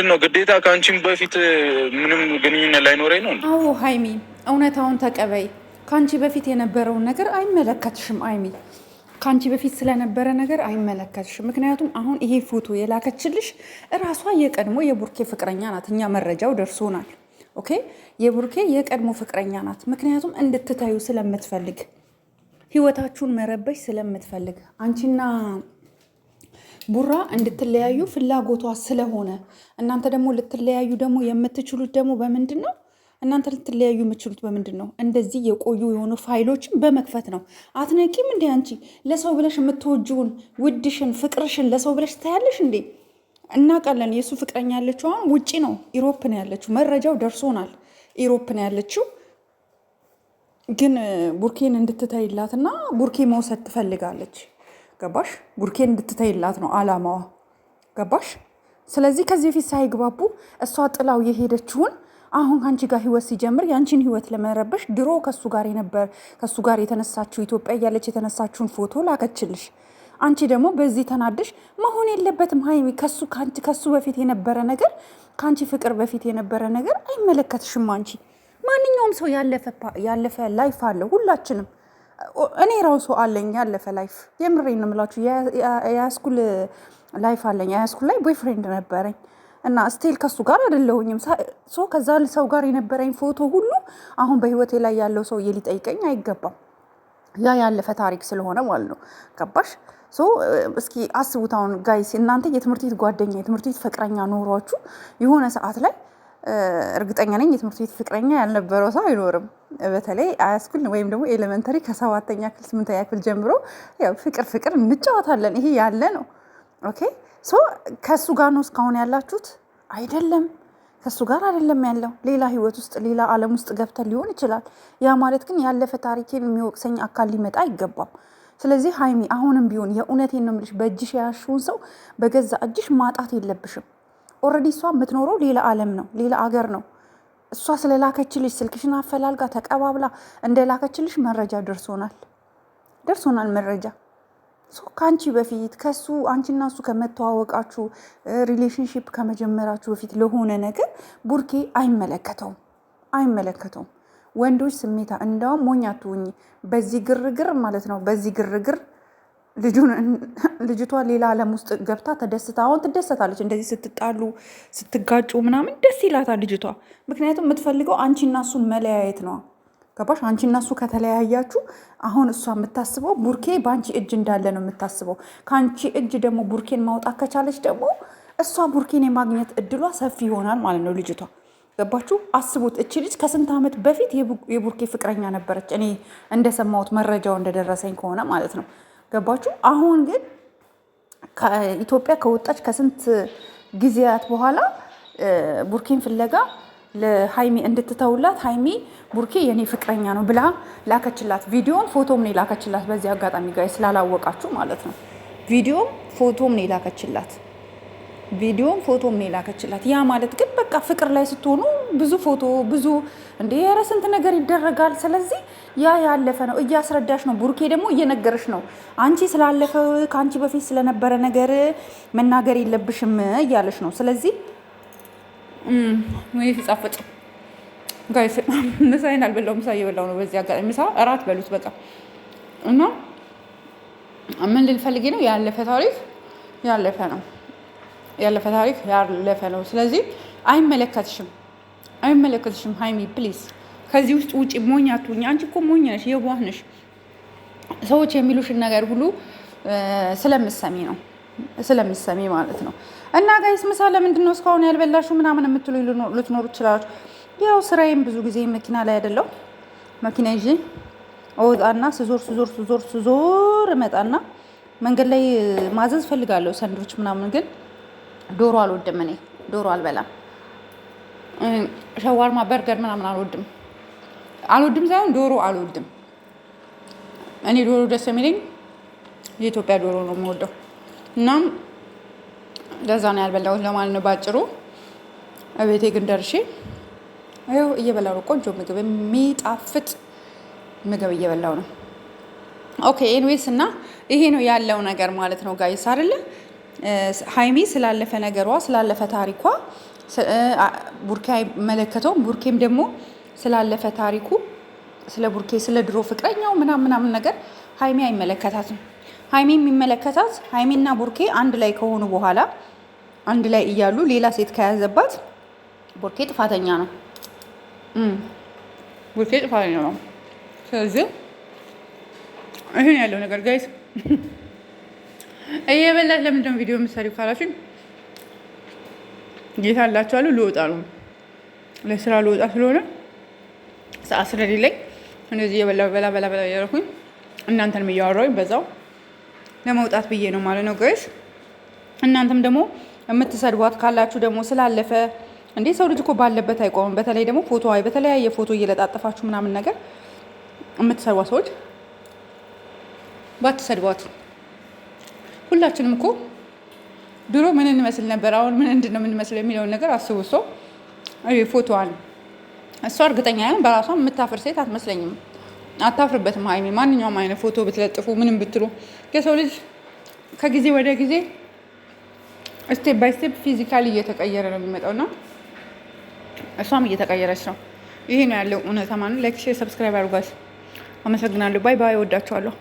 ምንድን ነው ግዴታ ከአንቺም በፊት ምንም ግንኙነት ላይኖረኝ ነው? አዎ ሀይሚ፣ እውነታውን ተቀበይ። ከአንቺ በፊት የነበረውን ነገር አይመለከትሽም ሀይሚ ከአንቺ በፊት ስለነበረ ነገር አይመለከትሽም። ምክንያቱም አሁን ይሄ ፎቶ የላከችልሽ እራሷ የቀድሞ የቡርኬ ፍቅረኛ ናት። እኛ መረጃው ደርሶናል። ኦኬ የቡርኬ የቀድሞ ፍቅረኛ ናት። ምክንያቱም እንድትታዩ ስለምትፈልግ ህይወታችሁን መረበሽ ስለምትፈልግ አንቺና ቡራ እንድትለያዩ ፍላጎቷ ስለሆነ እናንተ ደግሞ ልትለያዩ ደግሞ የምትችሉት ደግሞ በምንድን ነው? እናንተ ልትለያዩ የምትችሉት በምንድን ነው? እንደዚህ የቆዩ የሆኑ ፋይሎችን በመክፈት ነው። አትነቂም እንዴ አንቺ? ለሰው ብለሽ የምትወጂውን ውድሽን፣ ፍቅርሽን ለሰው ብለሽ ታያለሽ እንዴ? እናውቃለን። የእሱ ፍቅረኛ ያለችው አሁን ውጭ ነው፣ ኢሮፕ ነው ያለችው። መረጃው ደርሶናል። ኢሮፕ ነው ያለችው። ግን ቡርኬን እንድትተይላትና ቡርኬ መውሰድ ትፈልጋለች። ገባሽ? ቡርኬን እንድትተይላት ነው አላማዋ። ገባሽ? ስለዚህ ከዚህ በፊት ሳይግባቡ እሷ ጥላው የሄደችውን አሁን ከአንቺ ጋር ህይወት ሲጀምር የአንቺን ህይወት ለመረበሽ ድሮ ከሱ ጋር የነበር ከሱ ጋር የተነሳችው ኢትዮጵያ እያለች የተነሳችውን ፎቶ ላከችልሽ። አንቺ ደግሞ በዚህ ተናደሽ መሆን የለበትም ሀይሚ። ከሱ በፊት የነበረ ነገር ከአንቺ ፍቅር በፊት የነበረ ነገር አይመለከትሽም። አንቺ ማንኛውም ሰው ያለፈ ላይፍ አለው ሁላችንም እኔ ራሱ አለኝ ያለፈ ላይፍ የምሬ ነው የምላችሁ። የሃይስኩል ላይፍ አለኝ። የሃይስኩል ላይ ቦይፍሬንድ ነበረኝ እና ስቴል ከሱ ጋር አይደለሁኝም። ሶ ከዛ ሰው ጋር የነበረኝ ፎቶ ሁሉ አሁን በህይወቴ ላይ ያለው ሰው የሊጠይቀኝ አይገባም። ያ ያለፈ ታሪክ ስለሆነ ማለት ነው። ገባሽ? ሶ እስኪ አስቡት አሁን ጋይስ፣ እናንተ የትምህርት ቤት ጓደኛ የትምህርት ቤት ፍቅረኛ ኖሯችሁ የሆነ ሰዓት ላይ እርግጠኛ ነኝ የትምህርት ቤት ፍቅረኛ ያልነበረው ሰው አይኖርም። በተለይ አያስኩል ወይም ደግሞ ኤሌመንተሪ ከሰባተኛ ክፍል ስምንተኛ ክፍል ጀምሮ ያው ፍቅር ፍቅር እንጫወታለን። ይሄ ያለ ነው። ኦኬ ሶ ከእሱ ጋር ነው እስካሁን ያላችሁት አይደለም። ከእሱ ጋር አይደለም ያለው ሌላ ህይወት ውስጥ ሌላ አለም ውስጥ ገብተን ሊሆን ይችላል። ያ ማለት ግን ያለፈ ታሪኬን የሚወቅሰኝ አካል ሊመጣ አይገባም። ስለዚህ ሀይሚ አሁንም ቢሆን የእውነቴን ነው የምልሽ፣ በእጅሽ የያሽውን ሰው በገዛ እጅሽ ማጣት የለብሽም። ኦረዲ እሷ የምትኖረው ሌላ ዓለም ነው፣ ሌላ አገር ነው። እሷ ስለ ላከችልሽ ስልክሽን አፈላልጋ ተቀባብላ እንደ መረጃ ደርሶናል ደርሶናል መረጃ ከአንቺ በፊት ከሱ አንቺና እሱ ከመተዋወቃችሁ ሪሌሽንሽፕ ከመጀመራችሁ በፊት ለሆነ ነገር ቡርኬ አይመለከተውም አይመለከተውም። ወንዶች ስሜታ እንዳውም ሞኛ አትሁኝ። በዚህ ግርግር ማለት ነው በዚህ ግርግር ልጅቷ ሌላ ዓለም ውስጥ ገብታ ተደስታ አሁን ትደሰታለች። እንደዚህ ስትጣሉ ስትጋጩ ምናምን ደስ ይላታል ልጅቷ። ምክንያቱም የምትፈልገው አንቺና እሱ መለያየት ነው። ገባሽ? አንቺና እሱ ከተለያያችሁ አሁን እሷ የምታስበው ቡርኬ በአንቺ እጅ እንዳለ ነው የምታስበው። ከአንቺ እጅ ደግሞ ቡርኬን ማውጣት ከቻለች ደግሞ እሷ ቡርኬን የማግኘት እድሏ ሰፊ ይሆናል ማለት ነው ልጅቷ ገባችሁ? አስቡት። እቺ ልጅ ከስንት ዓመት በፊት የቡርኬ ፍቅረኛ ነበረች። እኔ እንደሰማሁት መረጃው እንደደረሰኝ ከሆነ ማለት ነው ገባችሁ? አሁን ግን ኢትዮጵያ ከወጣች ከስንት ጊዜያት በኋላ ቡርኪን ፍለጋ ለሀይሚ እንድትተውላት ሃይሚ ቡርኬ የኔ ፍቅረኛ ነው ብላ ላከችላት። ቪዲዮም ፎቶም ነው የላከችላት። በዚህ አጋጣሚ ጋር ስላላወቃችሁ ማለት ነው። ቪዲዮም ፎቶም ነው የላከችላት። ቪዲዮም ፎቶም ነው የላከችላት። ያ ማለት ግን በቃ ፍቅር ላይ ስትሆኑ ብዙ ፎቶ ብዙ እንዴ ኧረ ስንት ነገር ይደረጋል። ስለዚህ ያ ያለፈ ነው እያስረዳሽ ነው። ቡርኬ ደግሞ እየነገረሽ ነው። አንቺ ስላለፈ ከአንቺ በፊት ስለነበረ ነገር መናገር የለብሽም እያለሽ ነው። ስለዚህ ወይ ተጻፈጭ ጋይስ ምሳዬን አልበላሁም። ምሳ እየበላሁ ነው። በዚህ አጋጣሚ ምሳ እራት በሉት በቃ። እና ምን ልል ነው ያለፈ ታሪክ ያለፈ ነው። ያለፈ ታሪክ ያለፈ ነው። ስለዚህ አይመለከትሽም። አይመለከትሽም ሀይሚ ፕሊስ ከዚህ ውስጥ ውጪ። ሞኝ አትሁኝ። አንቺ እኮ ሞኝ ነሽ፣ የዋህ ነሽ። ሰዎች የሚሉሽን ነገር ሁሉ ስለምሰሚ ነው ስለምሰሚ ማለት ነው። እና ጋይስ ምሳ ለምንድን ነው እስካሁን ያልበላሹ ምናምን የምትሉ ልትኖሩ ትችላላችሁ። ያው ስራዬም ብዙ ጊዜ መኪና ላይ አይደለው መኪና ይዤ እወጣና ስዞር ስዞር ስዞር ስዞር እመጣና መንገድ ላይ ማዘዝ ፈልጋለሁ ሰንዶች ምናምን፣ ግን ዶሮ አልወድም እኔ ዶሮ አልበላም። ሸዋርማ፣ በርገር ምናምን አልወድም አልወድም ሳይሆን ዶሮ አልወድም። እኔ ዶሮ ደስ የሚለኝ የኢትዮጵያ ዶሮ ነው የምወደው። እናም ለዛ ነው ያልበላሁት ለማለት ነው ባጭሩ። እቤቴ ግን ደርሼ ይኸው እየበላሁ ነው። ቆንጆ ምግብ፣ የሚጣፍጥ ምግብ እየበላሁ ነው። ኦኬ ኤንዌስ እና ይሄ ነው ያለው ነገር ማለት ነው ጋይስ አይደለ? ሀይሚ ስላለፈ ነገሯ ስላለፈ ታሪኳ ቡርኬ አይመለከተውም። ቡርኬም ደግሞ ስላለፈ ታሪኩ ስለ ቡርኬ ስለ ድሮ ፍቅረኛው ምናምን ምናምን ነገር ሀይሜ አይመለከታትም። ሀይሜ የሚመለከታት ሀይሜና ቡርኬ አንድ ላይ ከሆኑ በኋላ አንድ ላይ እያሉ ሌላ ሴት ከያዘባት ቡርኬ ጥፋተኛ ነው። ቡርኬ ጥፋተኛ ነው። ስለዚህ ይህን ያለው ነገር ጋይስ እየበላሽ ለምንድን ቪዲዮ የምትሰሪው ካላችሁኝ ጌታ አላቸዋለሁ። ልወጣ ነው ለስራ ልወጣ ስለሆነ ሰዓት ስለሌለኝ እንደዚህ የበላ በላ በላ በላ እናንተንም እያወራሁኝ በዛው ለመውጣት ብዬ ነው ማለት ነው ጋይስ። እናንተም ደግሞ የምትሰድቧት ካላችሁ ደግሞ ስላለፈ እንዴ ሰው ልጅ እኮ ባለበት አይቆምም። በተለይ ደግሞ ፎቶ አይ በተለያየ ፎቶ እየለጣጠፋችሁ ምናምን ነገር የምትሰድቧት ሰዎች ባትሰድቧት፣ ሁላችንም እኮ ድሮ ምን እንመስል ነበር፣ አሁን ምን እንድን ነው የምንመስለው የሚለውን ነገር አስቡ። እሷ ፎቶዋን እሷ እርግጠኛ ያን በራሷ የምታፍር ሴት አትመስለኝም። አታፍርበትም ሀይሚ። ማንኛውም አይነት ፎቶ ብትለጥፉ ምንም ብትሉ የሰው ልጅ ከጊዜ ወደ ጊዜ ስቴፕ ባይ ስቴፕ ፊዚካሊ እየተቀየረ ነው የሚመጣው እና እሷም እየተቀየረች ነው። ይሄ ነው ያለው እውነታ ማለት ላይክ፣ ሼር፣ ሰብስክራይብ አድርጓት። አመሰግናለሁ። ባይ ባይ። ወዳችኋለሁ።